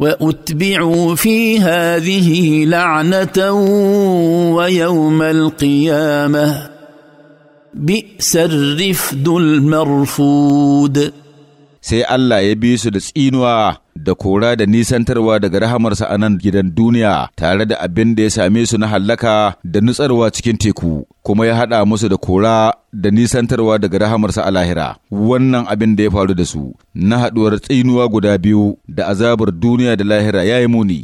واتبعوا في هذه لعنه ويوم القيامه بئس الرفد المرفود sai Allah ya bi su da tsinuwa da kora da nisantarwa daga rahamarsa a nan gidan duniya tare da abin da ya same su na hallaka da nutsarwa cikin teku. kuma ya haɗa musu da kora da nisantarwa daga rahamarsa a lahira wannan abin da ya faru da su na haɗuwar tsinuwa guda biyu da azabar duniya da lahira ya yi muni